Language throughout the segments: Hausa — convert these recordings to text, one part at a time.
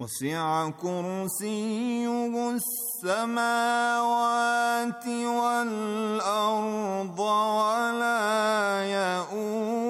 وسع كرسيه السماوات والارض ولا يئوس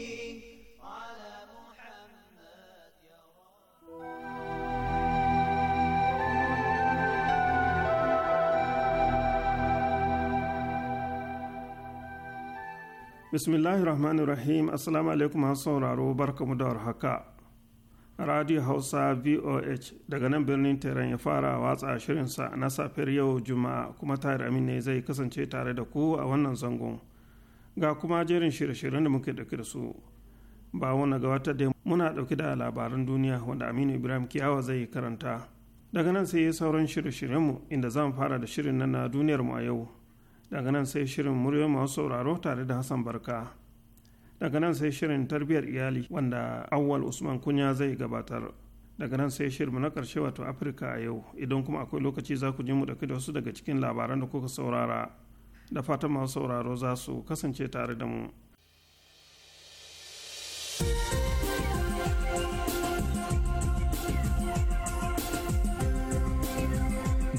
bismillahi rahmanir rahim assalamu alaikum har sauraro barkamu da warhaka radio hausa voh daga nan birnin teran ya fara watsa shirinsa na safiyar yau juma'a kuma tare amin ne zai kasance tare da ku a wannan zangon ga kuma jerin shirye-shiryen da muke dauke da su ba wani ga wata da muna dauke da labaran duniya wanda aminu ibrahim kiyawa zai karanta daga nan sai sauran shirye-shiryenmu inda zan fara da shirin na duniyarmu a yau daga nan sai shirin muryoyi masu sauraro tare da hassan barka daga nan sai shirin tarbiyyar iyali wanda awwal usman kunya zai gabatar daga nan sai shirin na karshe wato afirka a yau idan kuma akwai lokaci za ku ji mu dauki da wasu daga cikin labaran da kuka saurara da fatan masu sauraro za su kasance tare da mu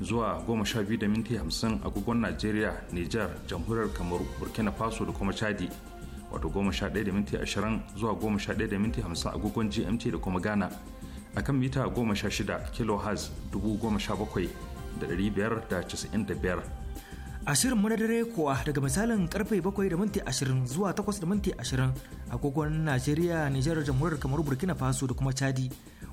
zuwa biyu da minti hamsin, agogon Najeriya, Nijar, Jamhuriyar Kamaru, Burkina Faso da kuma Chadi. Wato ɗaya da minti ashirin zuwa ɗaya da minti hamsin agogon GMT da kuma Ghana. A kan mita 16 kHz 17,595. a mu na dare kuwa daga misalin karfe 7 da minti 20 zuwa 8 da minti 20 agogon Najeriya, Nijar, Jamhuriyar Kamaru, Burkina Faso da kuma Chadi.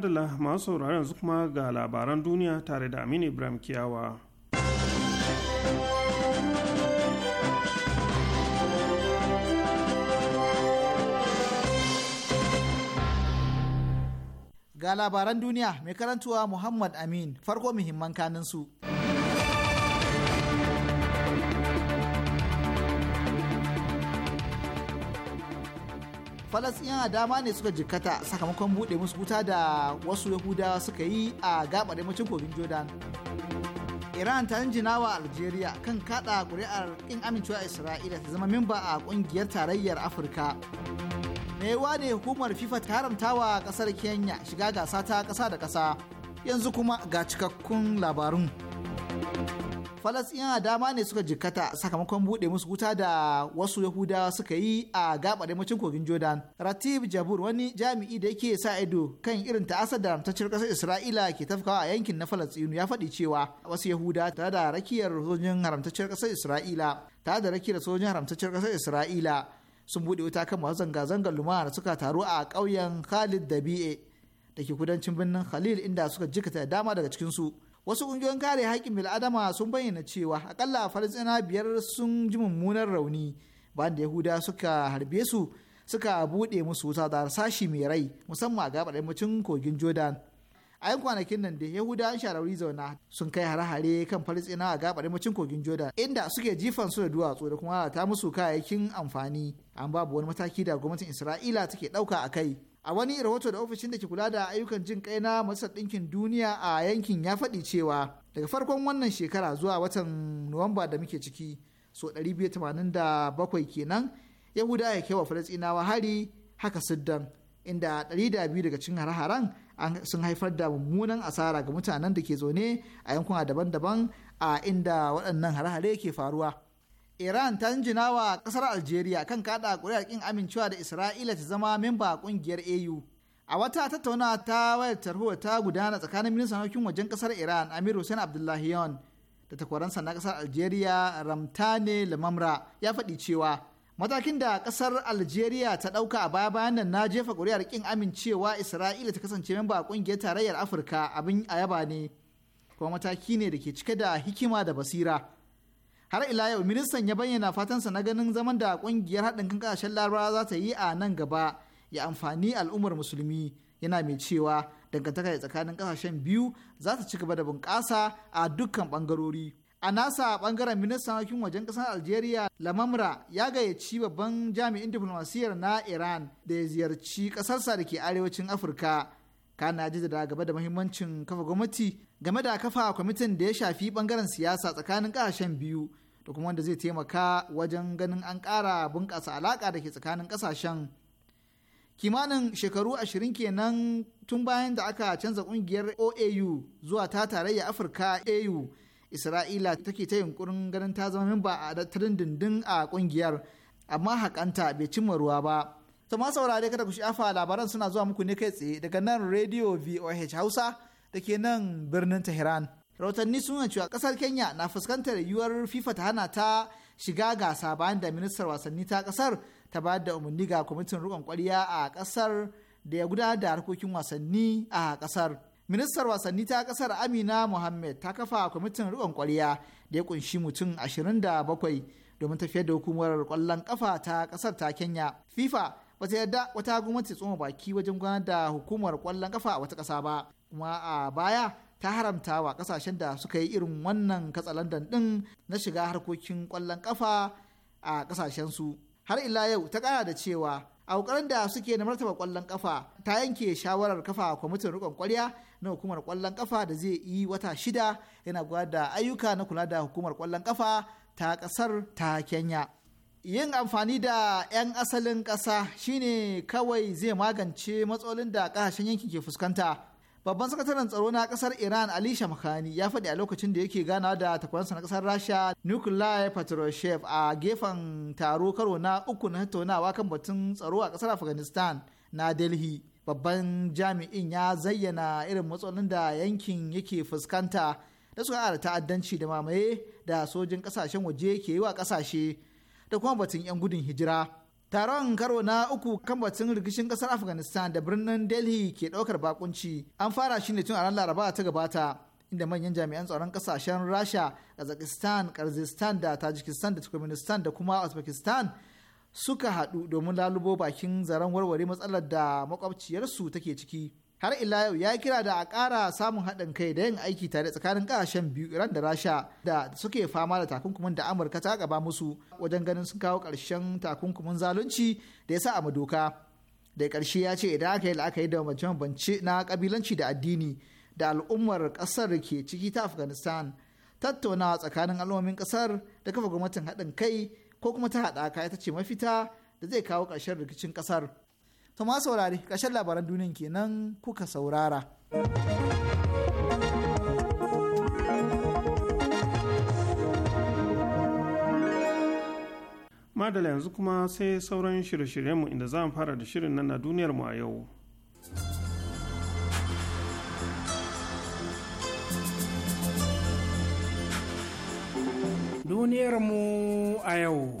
madalla masu sauraron yanzu kuma ga labaran duniya tare da Aminu Ibrahim Kiyawa. Ga labaran duniya mai karantuwa Muhammad Amin farko muhimman kanin su. falasiyan dama ne suka jikkata sakamakon buɗe musu wuta da wasu yahudawa suka yi a gaɓar yammacin kogin jordan iran ta jina wa algeria kan kaɗa ƙuri'ar ƙin amincewa isra'ila ta zama mimba a ƙungiyar tarayyar afirka yawa ne hukumar fifa ta haramta wa ƙasar kenya shiga gasa ta ƙasa da ƙasa yanzu kuma ga cikakkun labarun. falasɗina dama ne suka jikata sakamakon buɗe musu wuta da wasu yahudawa suka yi a da yammacin kogin jordan ratib jabur wani jami'i da yake sa ido kan irin ta'asar da ramtacciyar ƙasar isra'ila ke tafkawa a yankin na falastinu ya faɗi cewa wasu yahuda tare da rakiyar sojin haramtacciyar ƙasar isra'ila tare da rakiyar sojin haramtacciyar ƙasar isra'ila sun buɗe wuta kan masu zanga-zangar lumana da suka taru a ƙauyen khalid da da ke kudancin birnin khalil inda suka jikata dama daga cikinsu. su wasu ƙungiyoyin kare haƙƙin bil'adama sun bayyana cewa akalla falastina biyar sun ji mummunar rauni bayan da yahuda suka harbe su suka buɗe musu wuta da sashi mai rai musamman a gabar yammacin kogin jordan a yan kwanakin nan da yahuda an shararri zauna sun kai hare-hare kan falastina a gabar yammacin kogin jordan inda suke jifan su da duwatsu da kuma ta musu kayayyakin amfani an babu wani mataki da gwamnatin isra'ila take ɗauka a kai a wani rahoto da ofishin da ke kula da ayyukan jin kai na majalisar ɗinkin duniya a yankin ya faɗi cewa daga farkon wannan shekara zuwa watan nuwamba da muke ciki so 287 kenan yahuda ya kewa Falasinawa hari haka siddan inda 200 daga cin har-haren sun haifar da mummunan asara ga mutanen da ke zaune a yankuna daban-daban a inda waɗannan har-hare ke faruwa. Iran ta jinjina wa kasar Algeria kan kada kuri'ar kin amincewa da Isra'ila ta zama memba kungiyar AU. A wata tattauna ta wayar tarho ta gudana tsakanin ministan harkokin wajen kasar Iran Amir Hussein Abdullahian da takwaransa na kasar Algeria Ramtane Lamamra ya faɗi cewa matakin da kasar Algeria ta ɗauka a baya bayan nan na jefa kuri'ar kin amincewa Isra'ila ta kasance memba kungiyar tarayyar Afirka abin a yaba ne kuma mataki ne da ke cike da hikima da basira. har ila yau ministan ya bayyana fatansa na ganin zaman da kungiyar haɗin kan ƙasashen larabawa za ta yi a nan gaba ya amfani al'ummar musulmi yana mai cewa dangantaka tsakanin kasashen biyu za ta ci gaba da bunƙasa a dukkan bangarori a nasa ɓangaren ministan harkokin wajen ƙasar algeria lamamra ya gayyaci babban jami'in diflomasiyyar na iran da ya ziyarci kasarsa da ke arewacin afirka kana da gaba da muhimmancin kafa gwamnati game da kafa kwamitin da ya shafi bangaren siyasa tsakanin kasashen biyu da kuma wanda zai taimaka wajen ganin an ƙara bunƙasa alaƙa da ke tsakanin ƙasashen kimanin shekaru ashirin kenan tun bayan da aka canza ƙungiyar oau zuwa ta tarayya afirka au isra'ila take ta yunkurin ganin ta zama ba a dindin a ƙungiyar amma haƙanta bai cimma ruwa ba sama ma saurare kada ku shafa labaran suna zuwa muku ne kai tsaye daga nan radio voh hausa da ke nan birnin tehran rahotanni sun cewa kasar kenya na fuskantar yiwuwar fifa ta hana ta shiga gasa bayan da ministar wasanni ta kasar ta bayar da umarni ga kwamitin rikon kwariya a kasar da ya gudanar da harkokin wasanni a kasar ministar wasanni ta kasar amina mohammed ta kafa kwamitin rikon kwariya da ya kunshi mutum ashirin da 27 domin tafiyar da hukumar kwallon kafa ta kasar ta kenya fifa bata yarda wata gwamnati tsoma baki wajen gudanar da hukumar kwallon kafa a wata kasa ba kuma a baya ta haramta wa kasashen da suka yi irin wannan katsalandan ɗin na shiga harkokin ƙwallon ƙafa a su. Har ila yau ta kara da cewa a ƙoƙarin da suke na martaba kwallon ƙafa ta yanke shawarar kafa kwamitin riƙon ƙwarya na hukumar kwallon ƙafa da zai yi wata shida yana gwada da ayyuka na kula da hukumar kwallon ƙafa ta ƙasar ta Kenya. Yin amfani da 'yan asalin ƙasa shine kawai zai magance matsalolin da ƙasashen yankin ke fuskanta. babban sakataren tsaro na kasar iran ali shamkhani ya faɗi a lokacin da yake gana da takwaransa na kasar rasha nuclear patroshev a gefen taro karo na uku na tattaunawa kan batun tsaro a kasar afghanistan na delhi babban jami'in ya zayyana irin matsalolin da yankin yake fuskanta da suka ƙara ta'addanci da mamaye da sojin kasashen waje ke yi wa kasashe da kuma batun 'yan gudun hijira taron karo na uku kan batun rikicin kasar afghanistan da birnin delhi ke daukar bakunci an fara shi ne tun a ran laraba ta gabata inda manyan jami'an tsaron kasashen rasha kazakhstan karzistan da tajikistan da turkmenistan da kuma uzbekistan suka haɗu domin lalubo bakin zaren warware matsalar da makwabciyarsu take ciki har ila yau ya kira da a kara samun haɗin kai da yin aiki tare tsakanin kasashen biyu iran da rasha da suke fama da takunkumin da amurka ta gaba musu wajen ganin sun kawo karshen takunkumin zalunci da ya sa a madoka da ƙarshe ya ce idan aka yi la'akari da mabanci-mabanci na kabilanci da addini da al'ummar kasar ke ciki ta afghanistan tattaunawa tsakanin al'ummomin ƙasar da kafa gwamnatin haɗin kai ko kuma ta haɗaka ita ce mafita da zai kawo karshen rikicin ƙasar. To ma saurari ƙarshen labaran duniyan kenan kuka saurara. Madala yanzu kuma sai sauran shirye-shiryenmu inda za mu fara da shirin nan na duniyarmu a yau. Duniyarmu a yau.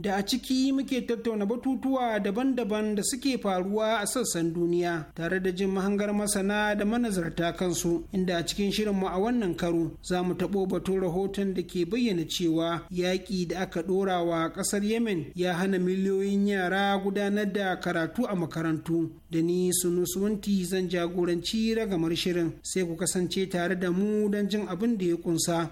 da a ciki muke tattauna batutuwa daban-daban da suke faruwa a sassan duniya tare da jin mahangar masana da manazarta kansu inda a cikin shirinmu a wannan karo za mu taɓo batun rahoton da ke bayyana cewa yaƙi da aka ɗora wa ƙasar yemen ya hana miliyoyin yara gudanar da karatu a makarantu da ni su sunusuwanti zan jagoranci ragamar shirin sai ku kasance tare da mu don jin abin da ya ƙunsa.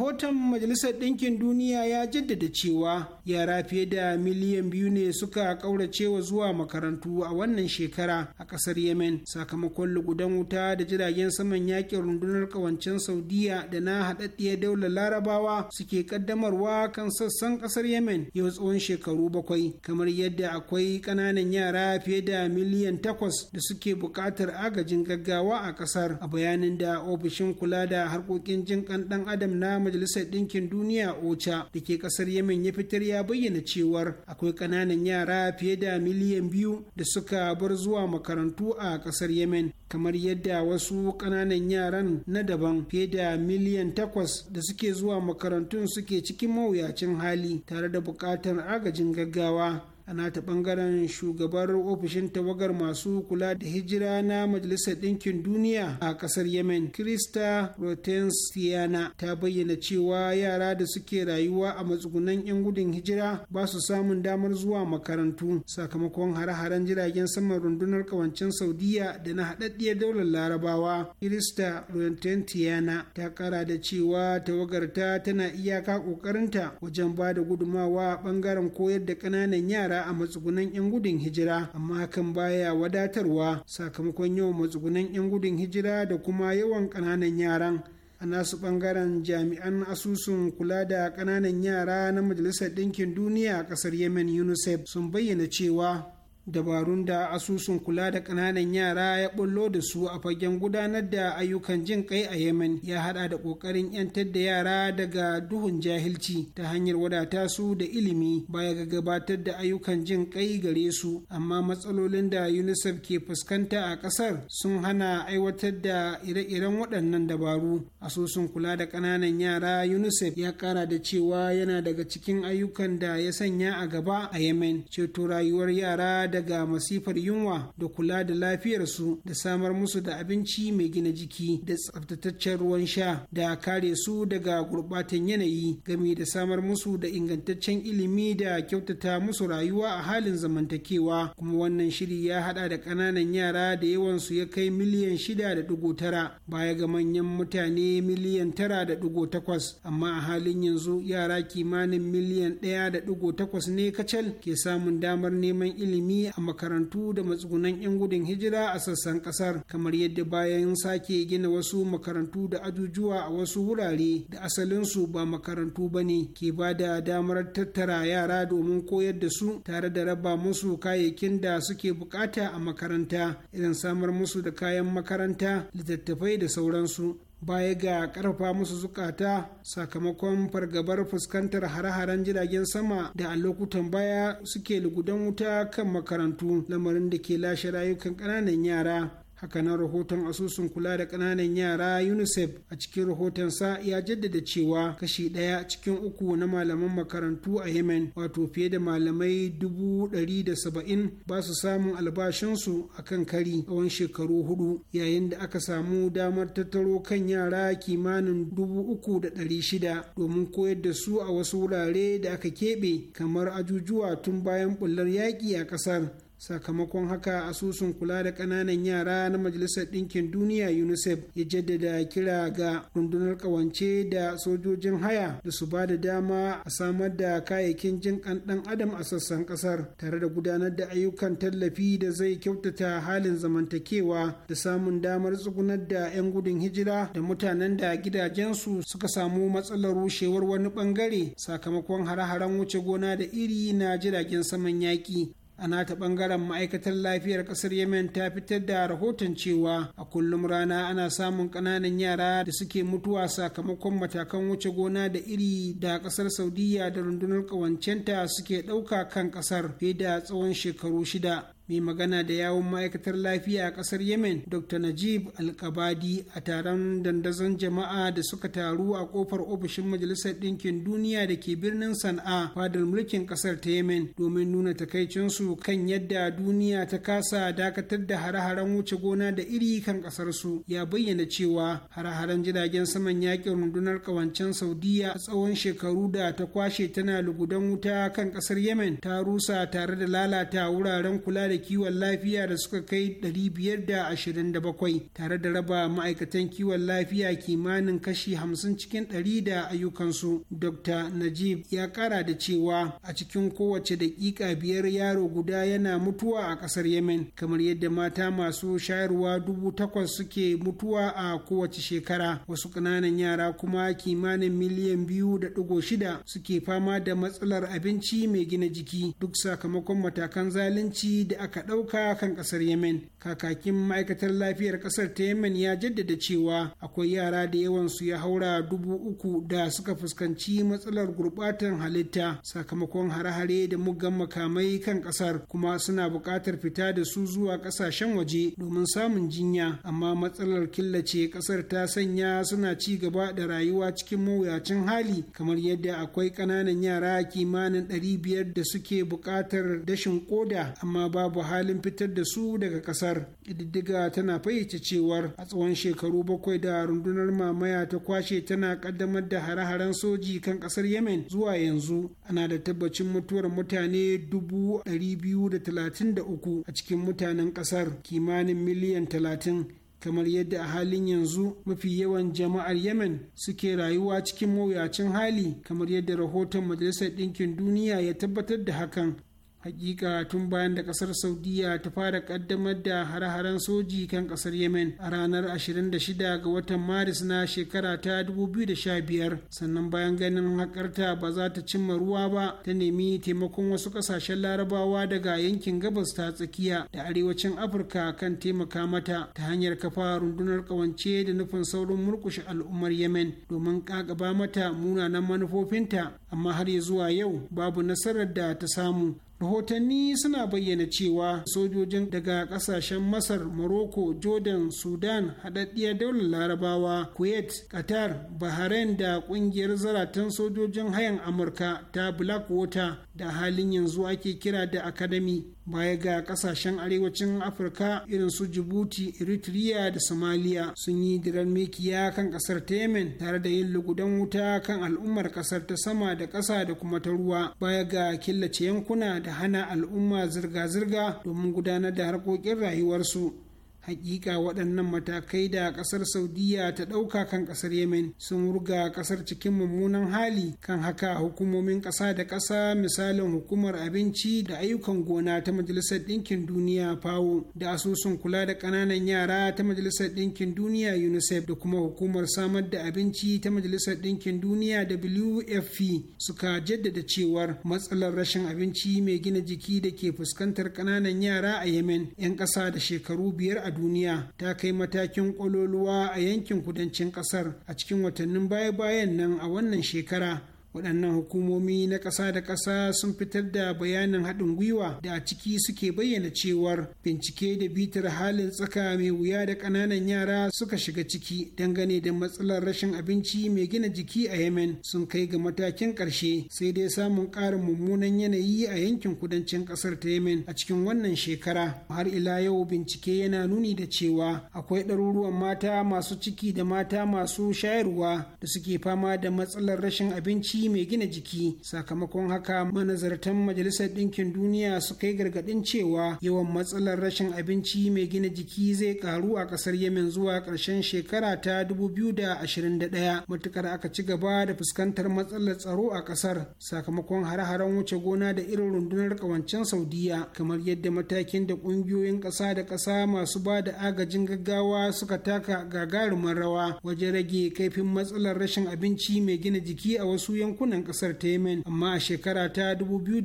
rahoton majalisar ɗinkin duniya ya jaddada cewa yara fiye da miliyan biyu ne suka kauracewa zuwa makarantu a wannan shekara a ƙasar yemen sakamakon lugudan wuta da jiragen saman yakin rundunar ƙawancen saudiya da na haɗaɗɗiyar daular larabawa suke ƙaddamarwa kan sassan ƙasar yemen yau tsawon shekaru bakwai kamar yadda akwai ƙananan yara fiye da miliyan takwas da suke buƙatar agajin gaggawa a ƙasar a bayanin da ofishin kula da harkokin jin ɗan adam na majalisar ɗinkin duniya ocha da ke ƙasar yemen ya fitar ya bayyana cewar akwai ƙananan yara fiye da miliyan biyu da suka bar zuwa makarantu a ƙasar yemen kamar yadda wasu ƙananan yaran na daban fiye da miliyan takwas da suke zuwa makarantun suke cikin mawuyacin hali tare da buƙatar agajin gaggawa a nata bangaren shugabar ofishin tawagar masu kula da hijira na majalisar ɗinkin duniya a ƙasar yemen krista rotensiana ta bayyana cewa yara da suke rayuwa a matsugunan 'yan gudun hijira ba su samun damar zuwa makarantu sakamakon hare-haren jiragen saman rundunar kawancin saudiya da na haɗaɗɗiyar daular larabawa krista rotensiana ta ƙara da cewa tawagarta tana iyaka ƙoƙarinta wajen ba da gudumawa ɓangaren koyar da ƙananan yara a matsugunan 'yan gudun hijira amma hakan baya wadatarwa sakamakon yawan matsugunan 'yan gudun hijira da kuma yawan kananan yaran a nasu bangaren jami'an asusun kula da ƙananan yara na majalisar ɗinkin duniya a ƙasar yemen unicef sun bayyana cewa dabarun da asusun kula da ƙananan yara ya bullo da su a fagen gudanar da ayyukan jin kai a yemen ya hada da ƙoƙarin 'yantar da yara daga duhun jahilci ta hanyar wadata su da ilimi baya ga gabatar da ayyukan jin kai gare su amma matsalolin da unicef ke fuskanta a ƙasar sun hana aiwatar da ire-iren waɗannan dabaru asusun kula da ƙananan yara unicef ya ƙara da cewa yana daga cikin ayyukan da ya sanya a gaba a yemen ceto rayuwar yara daga masifar yunwa da kula da lafiyarsu da samar musu da abinci mai gina jiki da tsaftataccen ruwan sha da kare su daga gurbatan yanayi game da samar musu da ingantaccen ilimi da kyautata musu rayuwa a halin zamantakewa kuma wannan shiri ya hada da ƙananan yara da yawan su ya kai miliyan shida da dugu tara baya ga manyan mutane miliyan tara da dugu takwas amma a halin yanzu yara kimanin miliyan ɗaya da dugu takwas ne kacal ke samun damar neman ilimi a makarantu da matsugunan 'yan gudun hijira a sassan kasar kamar yadda bayan sake gina wasu makarantu da ajujuwa a wasu wurare da asalinsu ba makarantu ba ne ke ba da damar tattara yara domin koyar da su tare da raba musu kayayyakin da suke bukata a makaranta idan samar musu da kayan makaranta littattafai da sauransu baya ga karfafa musu zukata sakamakon fargabar fuskantar hare-haren jiragen sama da a lokutan baya suke lugudan wuta kan makarantu lamarin da ke lashe rayukan ƙananan yara hakanan rahoton asusun kula da ƙananan yara unicef a cikin rahotonsa ya jaddada cewa kashi ɗaya cikin uku na malaman makarantu a yemen wato fiye da malamai dubu ɗari da saba'in ba su samun albashinsu a kan kari tsawon shekaru hudu yayin da aka samu damar tattaro kan yara kimanin dubu uku da ɗari shida domin koyar da su a wasu wurare da aka keɓe kamar ajujuwa tun bayan bullar yaƙi a ƙasar sakamakon haka asusun kula da ƙananan yara na majalisar ɗinkin duniya unicef ya jaddada kira ga rundunar ƙawance da sojojin haya da su ba da dama a samar da kayayyakin jin ɗan adam a sassan ƙasar tare da gudanar da ayyukan tallafi da zai kyautata halin zamantakewa da samun damar tsugunar da 'yan gudun hijira da mutanen da gidajensu suka samu matsalar rushewar wani ɓangare sakamakon hare-haren wuce gona da iri na jiragen saman yaƙi a nata bangaren ma'aikatar lafiyar kasar yemen ta fitar da rahoton cewa a kullum rana ana samun ƙananan yara da suke mutuwa sakamakon matakan wuce gona da iri da kasar saudiya da rundunar ƙawancenta suke ɗauka kan kasar fiye da tsawon shekaru shida mai magana da yawon ma'aikatar lafiya a kasar yemen dr najib alkabadi a taron dandazon jama'a da suka taru a kofar ofishin majalisar ɗinkin duniya da ke birnin sana'a fadar mulkin kasar ta yemen domin nuna takaicinsu kan yadda duniya ta kasa dakatar da hare-haren wuce gona da iri kan kasar ya bayyana cewa hare-haren jiragen saman yakin rundunar kawancen saudiya a tsawon shekaru da ta kwashe tana lugudan wuta kan kasar yemen ta rusa tare da lalata wuraren kula da kiwon lafiya da suka kai 527 tare da raba ma'aikatan kiwon lafiya kimanin kashi 50 cikin 100 da ayyukansu dr najib ya kara da cewa a cikin kowace daƙiƙa biyar yaro guda yana mutuwa a ƙasar yemen kamar yadda mata masu shayarwa dubu takwas suke mutuwa a kowace shekara wasu ƙananan yara kuma kimanin miliyan biyu da ɗigo shida suke fama da matsalar abinci mai gina jiki duk sakamakon matakan zalunci da aka aka ɗauka kan ƙasar yemen kakakin ma'aikatar lafiyar kasar ta yemen ya jaddada cewa akwai yara da yawan su ya haura dubu uku da suka fuskanci matsalar gurbatan halitta sakamakon hare-hare da muggan makamai kan kasar kuma suna buƙatar fita da su zuwa ƙasashen waje domin samun jinya amma matsalar killace kasar ta sanya suna ci gaba da rayuwa cikin mawuyacin hali kamar yadda akwai ƙananan yara kimanin ɗari biyar da suke buƙatar dashin koda amma babu halin fitar da su daga ƙasa. kasar ƙididdiga tana fayyace cewar a tsawon shekaru bakwai da rundunar mamaya ta kwashe tana ƙaddamar da hare-haren soji kan kasar yemen zuwa yanzu ana da tabbacin mutuwar mutane dubu biyu da talatin da uku a cikin mutanen kasar kimanin miliyan talatin kamar yadda a halin yanzu mafi yawan jama'ar yemen suke rayuwa cikin mawuyacin hali kamar yadda rahoton majalisar ɗinkin duniya ya tabbatar da hakan hakika tun bayan da kasar saudiya ta fara kaddamar da hare-haren soji kan kasar yemen a ranar 26 ga watan maris na shekara ta 2015 sannan bayan ganin hakarta ba za ta cimma ruwa ba ta nemi taimakon wasu kasashen larabawa daga yankin gabas ta tsakiya da arewacin afirka kan taimaka mata ta hanyar kafa rundunar kawance da nufin saurin murkushe al'ummar yemen domin kakaba mata munanan manufofinta amma har zuwa yau babu nasarar da ta samu rahotanni suna bayyana cewa sojojin daga kasashen masar morocco jordan sudan haɗaɗɗiyar daular larabawa kuwait qatar bahrain da ƙungiyar zaratan sojojin hayan amurka ta blackwater da halin yanzu ake kira da academy baya ga kasashen arewacin afirka irin su jibuti eritrea da somalia sun yi diran mikiya kan kasar ta yemen tare da yin lugudan wuta kan al'ummar kasar ta sama da kasa da kuma ta ruwa baya ga killace yankuna da hana al'umma zirga-zirga domin gudanar da harkokin rayuwarsu hakika waɗannan matakai da ƙasar saudiya ta ɗauka kan ƙasar yemen sun wurga ƙasar cikin mummunan hali kan haka hukumomin ƙasa da ƙasa misalin hukumar abinci da ayyukan gona ta majalisar ɗinkin duniya fawo da asusun kula da ƙananan yara ta majalisar ɗinkin duniya unicef da kuma hukumar samar da abinci ta majalisar ɗinkin duniya wfp suka jaddada cewar matsalar rashin abinci mai gina jiki da ke fuskantar ƙananan yara a yemen 'yan ƙasa da shekaru biyar a a duniya ta kai matakin kwaloluwa a yankin kudancin ƙasar a cikin watannin baya-bayan nan a wannan shekara waɗannan hukumomi na ƙasa da ƙasa sun fitar da bayanin haɗin gwiwa da a ciki suke bayyana cewar bincike da bitar halin tsaka mai wuya da ƙananan yara suka shiga ciki dangane da matsalar rashin abinci mai gina jiki a yemen sun kai ga matakin ƙarshe sai dai samun ƙarin mummunan yanayi a yankin kudancin ƙasar ta yemen a cikin wannan shekara har ila yau bincike yana nuni da cewa akwai ɗaruruwan mata masu ciki da mata masu shayarwa da suke fama da matsalar rashin abinci abinci mai gina jiki sakamakon haka manazartan majalisar ɗinkin duniya su yi gargaɗin cewa yawan matsalar rashin abinci mai gina jiki zai karu a ƙasar yemen zuwa ƙarshen shekara ta 2021 matukar aka ci gaba da fuskantar matsalar tsaro a ƙasar sakamakon hare-haren wuce gona da irin rundunar ƙawancen saudiya kamar yadda matakin da ƙungiyoyin ƙasa da ƙasa masu ba da agajin gaggawa suka taka gagarumin rawa wajen rage kaifin matsalar rashin abinci mai gina jiki a wasu yankunan yankunan kasar ta yemen amma a shekara ta 2020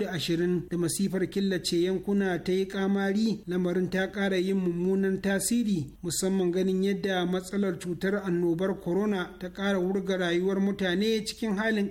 da masifar killace yankuna ta yi kamari lamarin ta ƙara yin mummunan tasiri musamman ganin yadda matsalar cutar annobar corona ta ƙara wurga rayuwar mutane cikin halin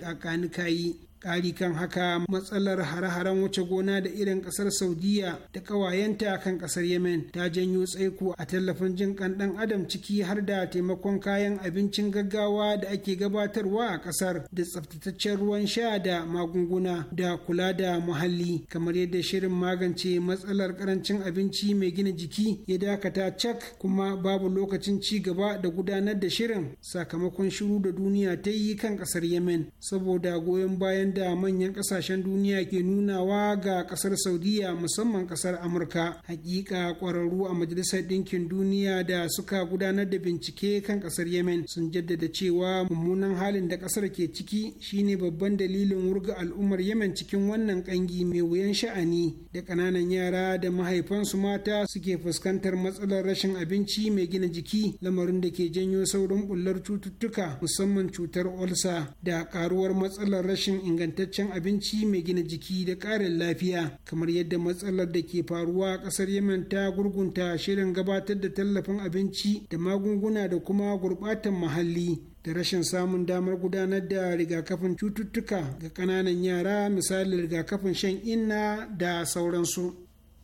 kayi. ƙari kan haka matsalar hare-haren wuce gona da irin ƙasar saudiya da ƙawayenta kan ƙasar yemen ta janyo tsaiko a tallafin jin ƙan ɗan adam ciki har da taimakon kayan abincin gaggawa da ake gabatarwa a ƙasar da tsaftataccen ruwan sha da magunguna da kula da muhalli kamar yadda shirin magance matsalar ƙarancin abinci mai gina jiki ya dakata cak kuma babu lokacin ci gaba da gudanar da shirin sakamakon shiru da duniya ta yi kan ƙasar yemen saboda goyon bayan da manyan kasashen duniya ke nunawa ga kasar saudiya musamman kasar amurka hakika kwararru a majalisar ɗinkin duniya da suka gudanar da bincike kan kasar yemen sun jaddada cewa mummunan halin da kasar ke ciki shine babban dalilin wurga al'ummar yemen cikin wannan ƙangi mai wuyan sha'ani da ƙananan yara da mahaifansu mata suke fuskantar matsalar rashin abinci mai gina jiki lamarin da ke janyo saurin bullar cututtuka musamman cutar olsa da ƙaruwar matsalar rashin inganci ingantaccen abinci mai gina jiki da ƙarin lafiya kamar yadda matsalar da ke faruwa a ƙasar yemen ta gurgunta shirin gabatar da tallafin abinci da magunguna da kuma gurɓatan muhalli da rashin samun damar gudanar da rigakafin cututtuka ga ƙananan yara misalin rigakafin shan inna da sauransu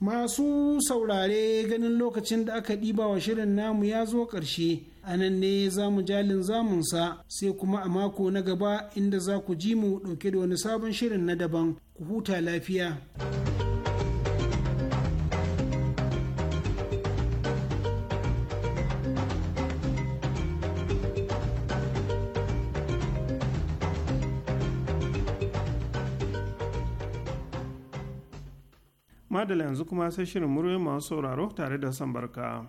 masu saurare ganin lokacin da aka ɗiba wa shirin namu ya zo ƙarshe a nan ne za mu jalin zamunsa sai kuma a mako na gaba inda za ku ji mu ɗauke da wani sabon shirin na daban ku huta lafiya. Madala yanzu kuma sai shirin muryoyin masu sauraro tare da san barka.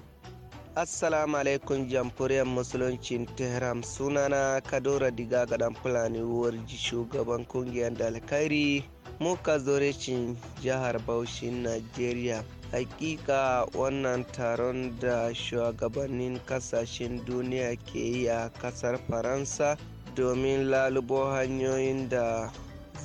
assalamu alaikum jamhuriyar musuluncin tehran sunana kadora diga gadan fulani warji shugaban kungiyar dalkari muka zorecin jihar bauchi nigeria hakika wannan taron da shugabannin kasashen duniya ke yi a kasar faransa domin lalubo hanyoyin da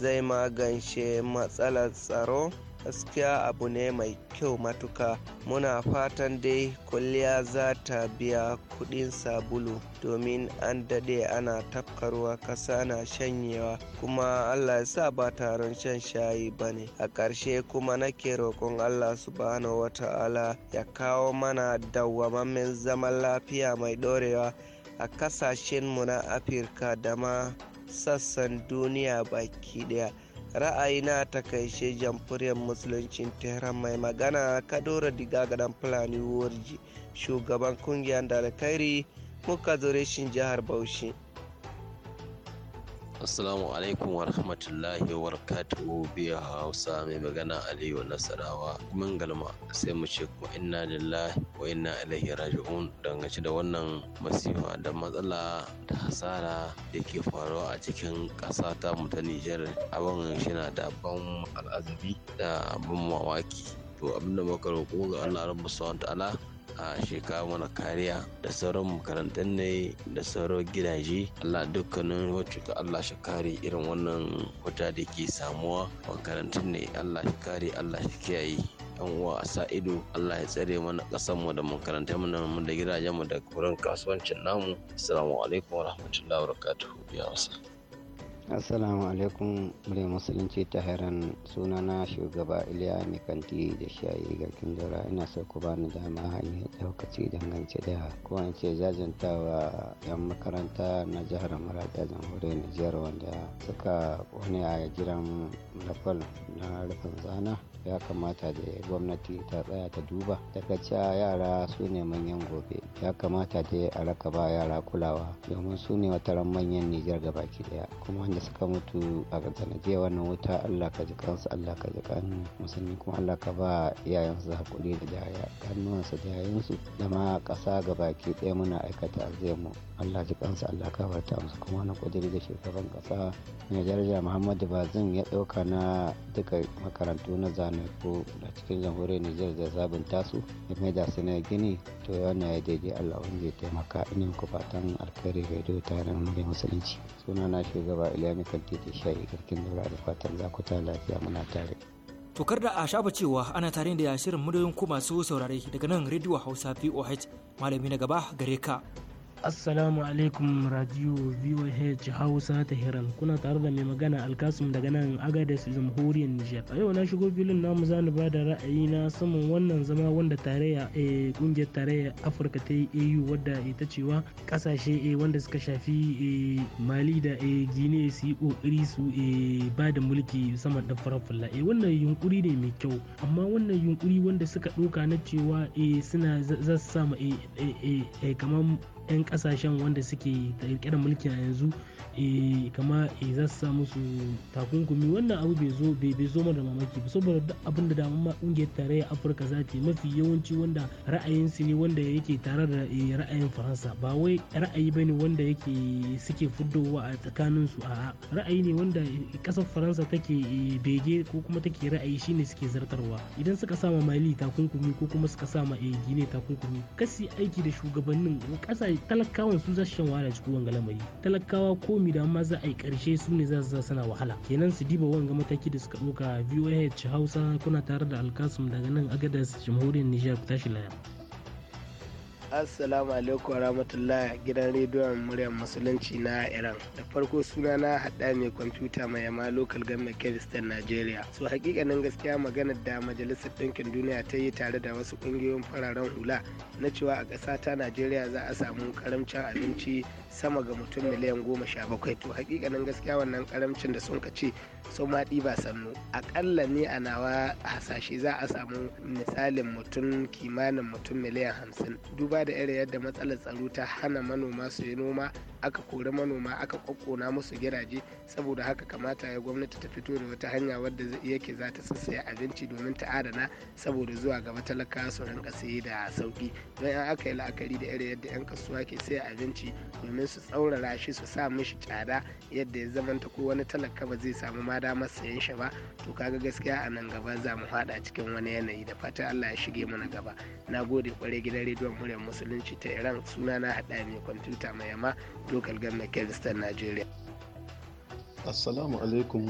zai magance matsalar tsaro gaskiya abu ne mai kyau matuka muna fatan dai kwalliya za ta biya kudin sabulu domin an dade ana tafkarwa kasa na shanyewa kuma allah ya sa ba taron shan shayi ba ne a ƙarshe kuma nake roƙon allah subhanahu wata'ala ya kawo mana dawwamammen zaman lafiya mai ɗorewa a kasashenmu na afirka da ma sassan duniya baki ɗaya ra'ayina ta kai she jamhuriyar musuluncin tehran mai magana kadora diga gadan fulani warji shugaban kungiyar da alkairi muka zure shin jihar bauchi Assalamu alaikum wa rahmatullahi wa barakatuhu biya Hausa mai magana Aliyu Nasarawa mun galma sai mu ce kuma inna lillahi wa inna ilaihi raji'un dangance da wannan masifa da matsala da hasara da ke faruwa a cikin ƙasa ta mu ta Nijar abin shi na da ban al'azabi da ban mawaki to abinda muka roƙo ga Allah rabbu subhanahu wa a shekara mana kariya da sauran makarantar ne da sauran gidaje allah dukkanin wacce ka allah shi kare irin wannan wata da ke samuwa makarantar ne allah shi kare allah shi kiyaye yan uwa a sa ido Allah ya tsare mana kasan mu da makarantar mu da gidajen mu da kuran kasuwancin namu assalamu alaikum warahmatullahi wabarakatuh ya wasa assalamu alaikum mure musulunci ta heran sunana shugaba iliya mai kanti da shayi garkin daura ina so ku ni dama hanyar daukaci dangance da ko ce jajantawa yan makaranta na jihar marata jamhuriyar nijiyar wanda suka kone a jiran lafal na rufin zana ya kamata da gwamnati ta tsaya ta duba daga cewa yara su ne manyan gobe ya kamata da a raka ba yara kulawa domin su ne ran manyan nijar ga baki daya kuma wanda suka mutu a sanadiyar wannan wuta allah ka ji kansu allah ka ji musulmi kuma allah ka ba su hakuri da su da su da ma ƙasa ga baki daya muna aikata mu allah ji kansu allah ka warta musu kuma wani kudiri da shugaban ƙasa mai daraja muhammadu bazin ya ɗauka na duka makarantu na zane ko a cikin jamhuriyar Nijar da zabinta su ya maida su gini to yana ya daidai Allah wanda zai taimaka ina ku fatan alkhairi ga ido ta da musulunci suna na shugaba Iliyami Kanti da shayi garkin daura da fatan za ku ta lafiya muna tare. to kar da a shafa cewa ana tare da shirin muryoyin ku masu saurare daga nan rediyo Hausa VOH malami na gaba gare ka. Assalamu alaikum radio VOH Hausa ta kuna tare da mai magana Alkasum daga nan agades Jamhuriyar Nijar. A yau na shigo filin namu zanu ba da ra'ayi na saman wannan zama wanda tarayya a eh, kungiyar tarayya Afirka ta yi AU wadda ita cewa kasashe a eh, wanda suka shafi eh, Mali da a Gine su yi kokari su ba da mulki saman da farar A wannan yunkuri ne mai kyau amma wannan yunkuri wanda suka ɗauka na cewa suna zasu samu kamar 'yan kasashen wanda suke kirkirar mulki a yanzu eh, kama eh, za su samu su takunkumi wannan abu bai zo bai mamaki ba saboda duk abin da damun ma kungiyar tarayya afirka za ta mafi yawanci wanda ra'ayin su ne wanda yake tare da eh, ra'ayin faransa ba wai ra'ayi bane wanda yake suke fuddowa a tsakanin su a ra'ayi ne wanda kasar faransa take bege ko kuma take ra'ayi shine suke zartarwa idan suka sama mali takunkumi ko kuma suka sama gine takunkumi kasi aiki da shugabannin kasashe kai talakawan su su shan wahala cikin wanga lamari talakawa ko mi da ma za a yi karshe su ne za su sana wahala kenan su diba wanga mataki da suka ɗauka voh hausa kuna tare da alkasum daga nan agadas jamhuriyar nijar ku tashi laya assalamu alaikum warahmatullah gidan rediyon muryar musulunci na iran da farko suna na hada mai kwamfuta mai yama local government kevistan nigeria so hakikanin gaskiya magana da majalisar ɗinkin duniya ta yi tare da wasu ƙungiyoyin fararen hula na cewa a ƙasa ta nigeria za a samu karamcin abinci sama ga mutum miliyan goma sha bakwai to hakikanin gaskiya wannan karamcin da sun kace sun maɗi ɗiba sannu aƙalla ne a nawa hasashe za a samu misalin mutum kimanin mutum miliyan hamsin duba da irin yadda matsalar tsaro ta hana manoma su yi noma aka kori manoma aka kokona musu gidaje saboda haka kamata ya gwamnati ta fito da wata hanya wadda yake za ta sassaya abinci domin ta adana saboda zuwa gaba talaka su rinka saye da sauki don an aka yi la'akari da irin yadda 'yan kasuwa ke saya abinci domin su tsaurara shi su sa mishi tsada yadda ya zamanta ko wani talaka ba zai samu ma damar sayan shi ba to kaga gaskiya a nan gaba za mu haɗa cikin wani yanayi da fatan allah ya shige mu na gaba na gode kwarai gidan rediyon muryar musulunci ta iran sunana haɗa mai kwamfuta mai yama local government kevistan nigeria Assalamu alaikum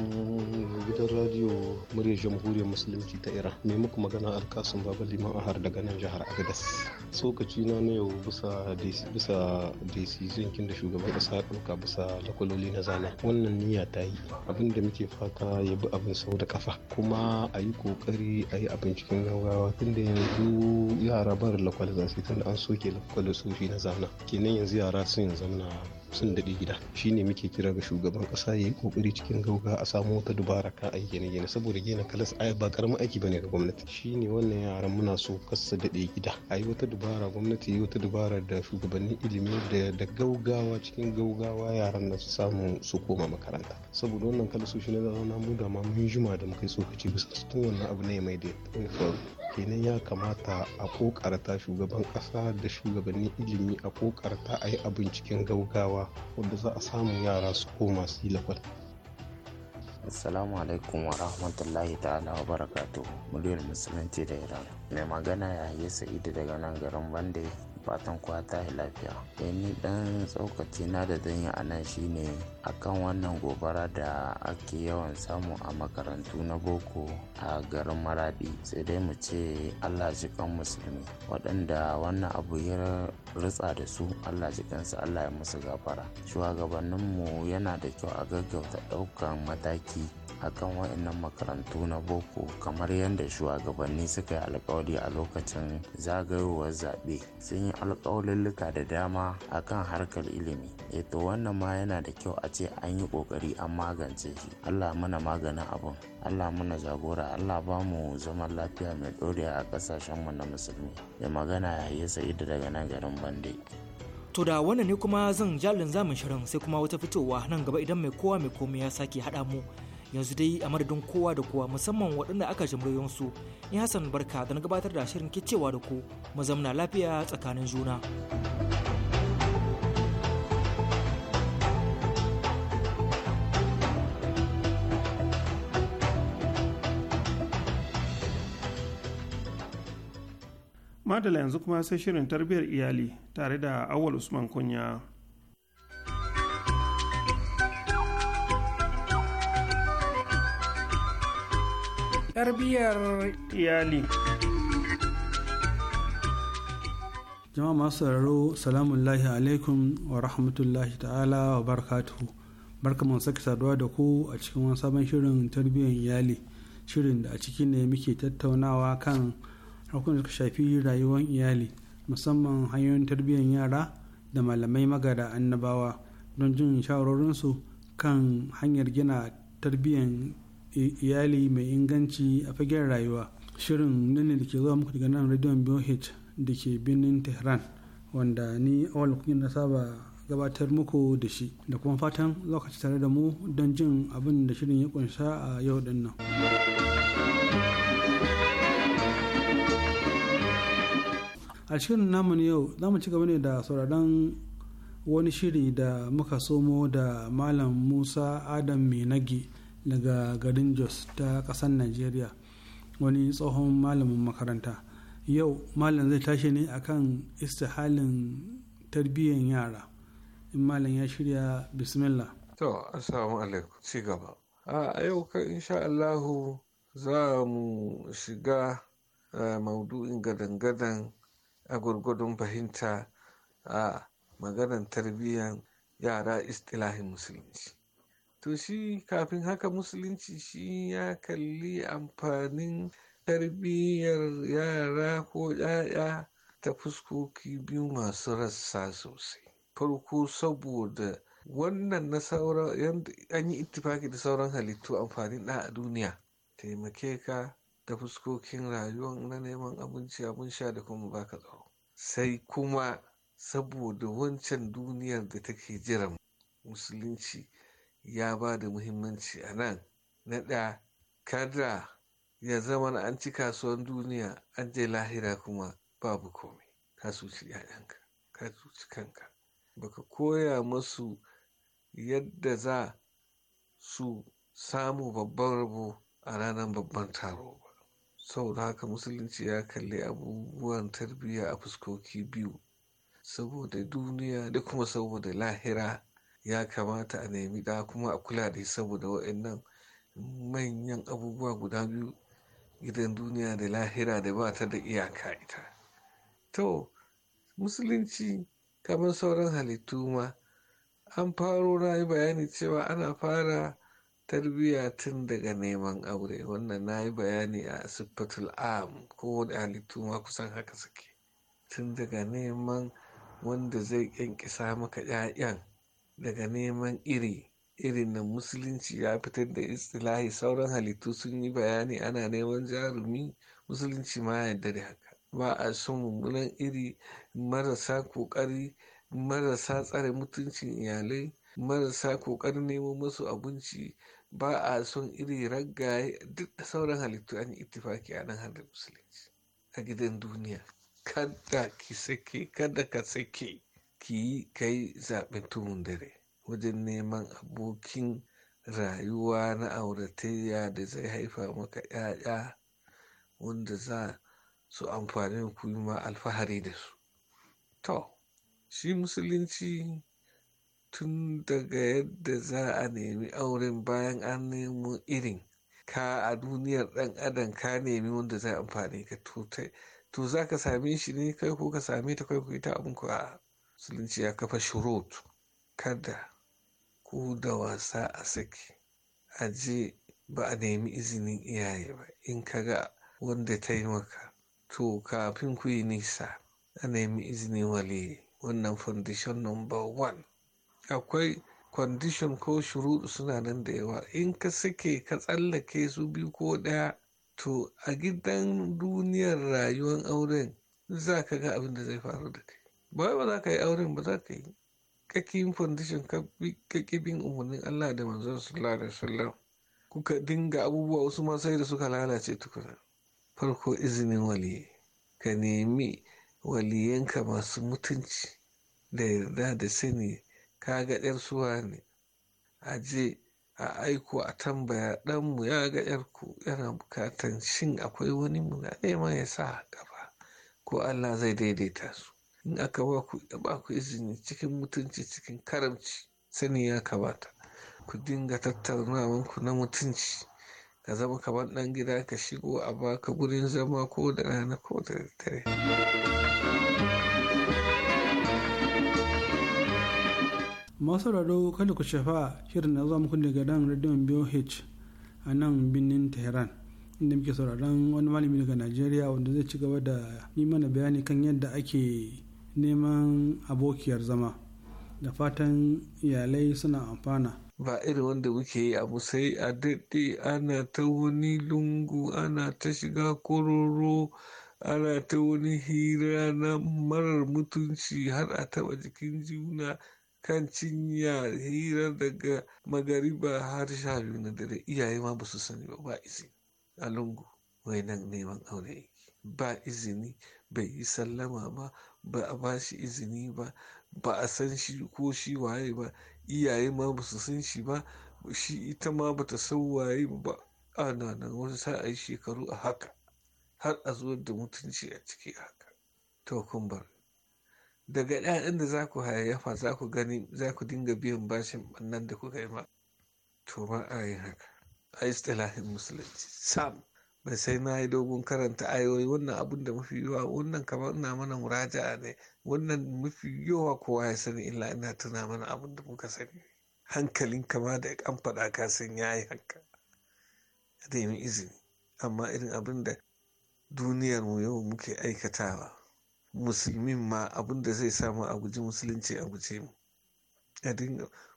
gidan radiyo muryar jamhuriyar musulunci ta Iran. Mai muku magana alkasun baba liman ahar daga nan jihar Agadas. Tsokaci na na yau bisa bisa decision kin da shugaban kasa ɗauka bisa lakwaloli na zana. Wannan niyya ta yi abin da muke fata ya bi abin sau da kafa. Kuma a yi kokari a yi abin cikin gaggawa tunda yanzu yara bar lakwal zasu tunda an soke lakwal soshi na zana. Kenan yanzu yara sun na. sun daɗe gida shi ne muke kira ga shugaban ƙasa ya yi ƙoƙari cikin gauga a samu wata dubara kan ai gine-gine saboda gina kalas a ba ƙaramin aiki bane ga gwamnati Shi ne wannan yaran muna so kasa daɗe gida a yi wata dubara gwamnati yi wata dubara da shugabannin ilimi da gaugawa cikin gaugawa yaran nan su samu su koma makaranta saboda wannan kalasoshi na zauna mu da ma mun juma da muka yi tsokaci bisa cikin wannan abu ne mai da ya faru kenan ya kamata a kokarta shugaban ƙasa da shugabannin ilimi a kokarta a yi abin cikin gaugawa wanda za a samu yara su koma su yi lakwal assalamu alaikum wa rahmatullahi ta'ala wa barakatu muryar musulunci da iran mai magana ya yi sa'idu daga nan garin bande fatan kowa ta yi lafiya eh ni dan tsokaci na da zan yi a nan shine akan wannan gobara da ake yawan samu a makarantu na boko a garin maraɗi, sai dai mu ce allah jikan musulmi waɗanda wannan abu ya rutsa da su allah jikansu allah ya musu gafara shugabanninmu yana da kyau a gaggauta ɗaukan mataki akan wa'annan makarantu na boko kamar yadda shugabanni suka yi alkawari a lokacin zagayowar zaɓe sun yi alkawalulluka da dama a kan harkar ilimi eto eh wannan ma yana da kyau a ce an yi ƙoƙari an magance shi allah mana maganin abin allah mana jagora allah ba mu zaman lafiya mai ɗorewa a mu na musulmi da magana ya saida daga nan garin bande To da wannan ne kuma zan jalin zamin shirin sai kuma wata fitowa nan gaba idan mai kowa mai komai ya sake haɗa mu yanzu dai a madadin kowa da kowa musamman waɗanda aka jimriyon su in hassan barka da na gabatar da shirin kicewa da ku mu zamna lafiya tsakanin juna madala yanzu kuma sai shirin tarbiyyar iyali tare da awal usman kunya tarbiyyar iyali jama'a masu sauraro salamun lahi alaikum wa rahmatullahi ta'ala wa barakatuhu barka mu sake saduwa da ku a cikin wani sabon shirin tarbiyyar iyali shirin da a ciki ne muke tattaunawa kan harkun da shafi rayuwar iyali musamman hanyoyin tarbiyyar yara da malamai magada annabawa don jin shawarorinsu kan hanyar gina tarbiyyar iyali mai inganci a fagen rayuwa shirin nan da ke zuwa muku daga nan radio BOH da ke birnin Tehran wanda ni awal kuɗin na saba gabatar muku da shi da kuma fatan lokaci tare da mu don jin abin da shirin ya kunsa a yau din nan. a cikin namu yau za mu ci gaba ne da sauraron wani shiri da muka somo da malam musa adam mai daga garin jos ta ƙasar nigeria wani tsohon malamin makaranta yau malam zai tashi ne akan istihalin tarbiyyar yara in malam ya shirya bismillah to assalamu alaikum ci gaba a yau ka insha allahu za mu shiga maudu'in gadan-gadan a gurgudun fahimta a maganar tarbiyyar yara istilahin musulunci to shi kafin haka musulunci shi ya kalli amfanin tarbiyyar yara ko 'ya'ya ta fuskoki biyu masu rassa sosai farko saboda wannan na sauran yadda an yi ittifaki da sauran halittu amfanin ɗa a duniya taimake ka ta fuskokin rayuwar na neman abinci abin sha da kuma baka tsaro sai kuma saboda wancan duniyar da take jiran musulunci ya ba da muhimmanci a nan na ɗaya kada ya zama an ci kasuwan duniya an je lahira kuma babu komai ka suci ‘ya'yanka ka suci kanka baka koya masu yadda za su samu babban rabo a ranar babban taro ba saboda haka musulunci ya kalli abubuwan tarbiyya a fuskoki biyu saboda duniya da kuma saboda lahira ya kamata a nemi ɗa kuma a kula da saboda waɗannan manyan abubuwa guda biyu gidan duniya da lahira da ba ta da iyaka ita to musulunci kamar sauran halittu ma an faro na yi bayani cewa ana fara tarbiyya tun daga neman aure wannan na yi bayani a siffatul am ko da halittu ma kusan haka suke tun daga neman wanda zai kyankyasa maka 'ya'yan daga neman iri irin na musulunci ya fitar da istilahi sauran halittu sun yi bayani ana neman jarumi musulunci ma yadda da haka ba a son mummunan iri marasa kokari marasa tsare mutuncin iyalai marasa kokarin neman masu abinci ba a son iri raggaye duk da sauran halittu an yi ittifaki a nan musulunci a gidan duniya kada ki sake kada ka sake ki yi kai zaɓi tuhun dare wajen neman abokin rayuwa na auratayya da zai haifa maka 'ya'ya wanda za su amfani ku yi ma alfahari da su to shi musulunci tun daga yadda za a nemi auren bayan an nemo irin ka a duniyar ɗan adam ka nemi wanda zai amfani ka to za ka same shi ne kai ko ka same ta kai ku ita abin ku a musulunci ya kafa shurut kada ku da wasa a saki a je ba a nemi izinin iyaye ba in ka ga wanda ta yi maka to kafin ku yi nisa a nemi izinin waliyi wannan foundation number one akwai condition ko shurut suna nan da yawa in ka sake ka tsallake su biyu ko ɗaya to a gidan duniyar rayuwar auren za ka ga abin da zai faru da kai ba ba za ka yi auren ba za ka yi kakin foundation ka bin umarnin Allah da manzon sallallahu alaihi wasallam kuka dinga abubuwa wasu ma sai da suka lalace tukuna farko izinin waliyi ka nemi waliyanka masu mutunci da yarda da sani ka ga yar suwa ne a je a aiko a tambaya ɗanmu ya ga yarku yana bukatan shin akwai wani muna neman ya sa gaba ko Allah zai daidaita su in aka ba ku ba ku izini cikin mutunci cikin karamci sani ya kamata ku dinga tattaunawan ku na mutunci ka zama kamar ɗan gida ka shigo a baka gurin zama ko da rana ko da dare. masu raro kada ku shafa shirin na zuwa muku daga dan radiyon BOH a nan birnin Tehran inda muke sauraron wani malami daga Najeriya wanda zai ci gaba da yi mana bayani kan yadda ake neman abokiyar zama da fatan iyalai suna amfana ba irin wanda muke yi abu sai a daɗe ana ta wani lungu ana ta shiga kororo ana ta wani hira na marar mutunci har a taɓa jikin juna kan cinya hira daga magariba har sha biyu na dare iyaye ma ba su sani ba ba a lungu wai nan neman aure yake ba izini bai yi sallama ba ba a ba shi izini ba ba a san shi ko shi waye ba iyaye ma ba su san shi ba shi ita ma ba ta san waye ba ana nan wani yi shekaru a haka har a zuwa da mutunci a ciki a haka to kun bar daga ɗayan da za ku hayayyafa za ku gani za ku dinga biyan bashin ɓannan da kuka yi ma to ba a yi haka a istilahin musulunci sam ba sai na yi dogon karanta ayoyi wannan abun da mafi yawa wannan kamar ina mana muraja'a ne wannan mafi yawa kowa ya sani illa ina tuna mana abun da muka sani hankalin kama da an faɗa ka san ya yi haka da yi izini amma irin abin da duniyar mu yau muke aikatawa musulmin ma abin da zai samu a guji musulunci a guje mu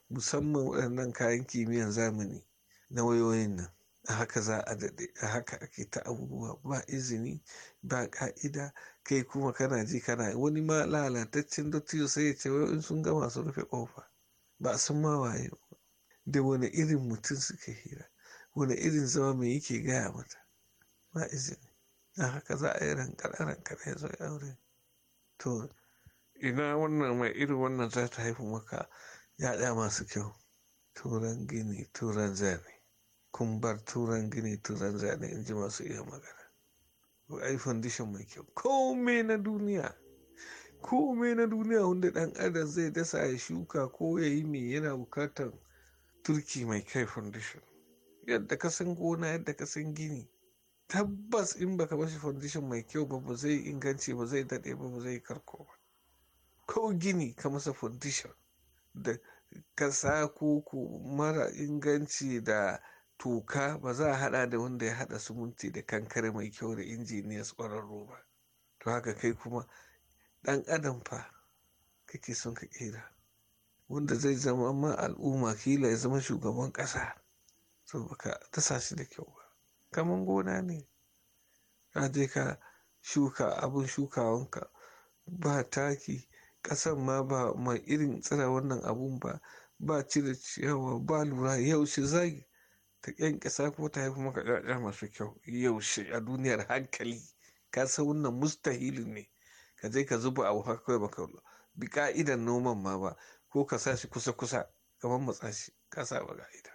musamman waɗannan kayan kimiyyar zamani na wayoyin nan haka za a daɗe haka ake ta abubuwa ba izini ba ka'ida kai kuma kana ji kana wani ma lalataccen dattijo sai ya ce wai in sun gama su rufe kofa ba sun ma waye da wani irin mutum suka hira wani irin zama mai yake gaya mata ba izini na haka za a yi rankaɗa rankar ya zo aure to ina wannan mai irin wannan za ta haifu maka yaɗa masu kyau turan gini turan zane kun bar turan gini turan zane in ji masu iya magana ko ai foundation mai kyau kome na duniya kome na duniya wanda ɗan adam zai dasa ya shuka ko ya yi mai yana bukatar turki mai kai foundation yadda ka san gona yadda ka san gini tabbas in baka bashi foundation mai kyau ba ba zai inganci ba zai daɗe ba ba zai karko ba ko gini ka masa foundation da kasa ko mara inganci da toka ba za a haɗa da wanda ya haɗa sumunti da kankare mai kyau da injiniyas kwararro ba to haka kai kuma ɗan adam fa kake son ka kera wanda zai zama ma al'umma kila ya zama shugaban ƙasa so baka tasa shi da kyau ba kaman gona ne ka je ka shuka abin shukawanka ba taki ƙasan ma ba mai irin tsira wannan abun ba ba cire ciyawa ba lura yaushe zagi ta ƙasa ko ta haifi maka ƴaƴa masu kyau yaushe a duniyar hankali ka san wannan mustahili ne ka je ka zuba abu haka kawai baka bi ka'idan noman ma ba ko ka sa shi kusa kusa kamar matsa shi ka sa ba ka'ida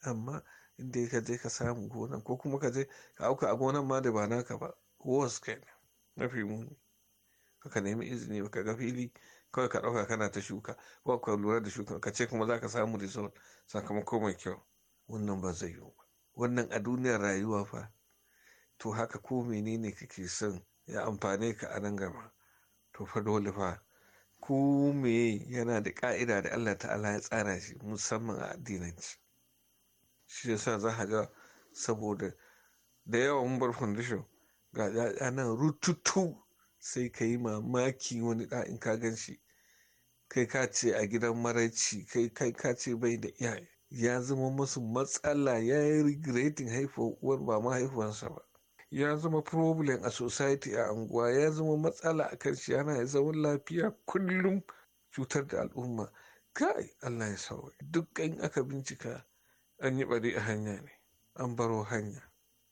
amma inda ka je ka samu gonan ko kuma ka je ka auka a gonan ma da ba naka ba was mafi muni ka nemi izini baka ga fili kawai ka ɗauka kana ta shuka ba ka lura da shuka ka ce kuma za ka samu result sakamako mai kyau wannan ba zai yiwu ba wannan a duniyar rayuwa fa to haka ko menene kake son ya amfane ka a nan gaba to fa dole fa ko me yana da ka'ida da Allah ta'ala ya tsara shi musamman a addinanci shi yasa za a ga saboda da yawa mun bar foundation ga ya'ya nan rututu sai ka yi mamaki wani in ka gan shi kai ka ce a gidan maraici kai kai ka ce bai da iyaye ya zama masu matsala ya yi regretting haifuwar uwar ba ma ba ya zama problem a society a anguwa ya zama matsala a kan shi yana zaman lafiya kullum cutar da al'umma kai Allah ya sauwa duk in aka bincika an yi bari a hanya ne an baro hanya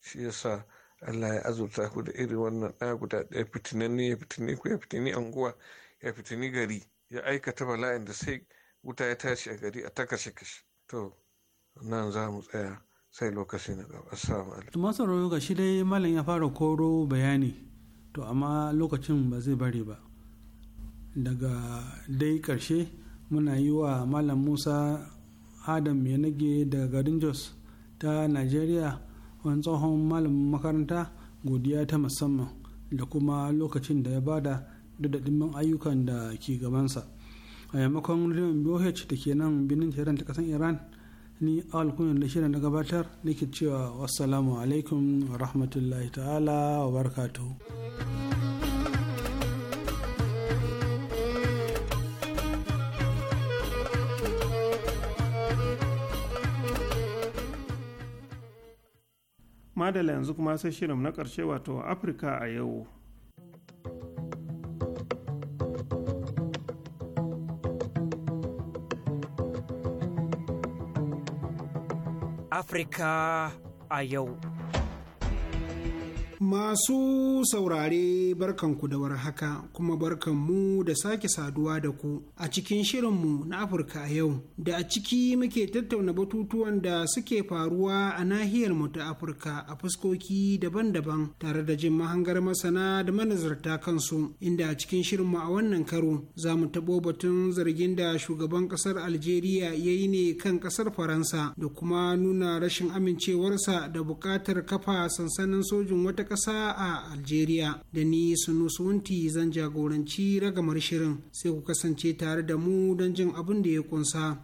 shi yasa Allah ya azurta ku da irin wannan ɗaya guda ɗaya ne, ya fitini ku ya fitini anguwa ya fitini gari ya aikata bala'in da sai wuta ya tashi a gari a ta kashe kashe to nan za mu tsaya sai lokaci na gaba assalamu alaikum masu ga shi dai malam ya fara koro bayani to amma lokacin ba zai bari ba daga dai karshe muna yi wa malam musa adam ya nage daga garin jos ta nigeria wani tsohon malamin makaranta godiya ta musamman da kuma lokacin da ya bada da daɗin ayyukan da ke gabansa a yammakon rediyon boh da ke nan birnin tehran ta kasan iran ni awal kunyar da shirin na gabatar nake cewa wassalamu alaikum wa rahmatullahi ta'ala wa barakatuhu madala yanzu kuma sai shirin na ƙarshe wato afirka a yau Afirka a yau. Masu saurare barkanku da warhaka kuma barkanmu da sake saduwa da ku a cikin shirinmu na Afirka a yau da a ciki muke tattauna batutuwan da suke faruwa a nahiyar mu ta Afirka a fuskoki daban-daban tare da jin mahangar masana da manazarta kansu inda a cikin shirinmu a wannan karo za mu taɓo batun zargin da shugaban ƙasar Algeria ya yi ne kan ƙasar Faransa da kuma nuna rashin amincewarsa da buƙatar kafa sansanin sojin wata ƙasa a Algeria da ni Sunusunti zan jagoranci ragamar shirin sai ku kasance tare da mu don jin abin da ya kunsa.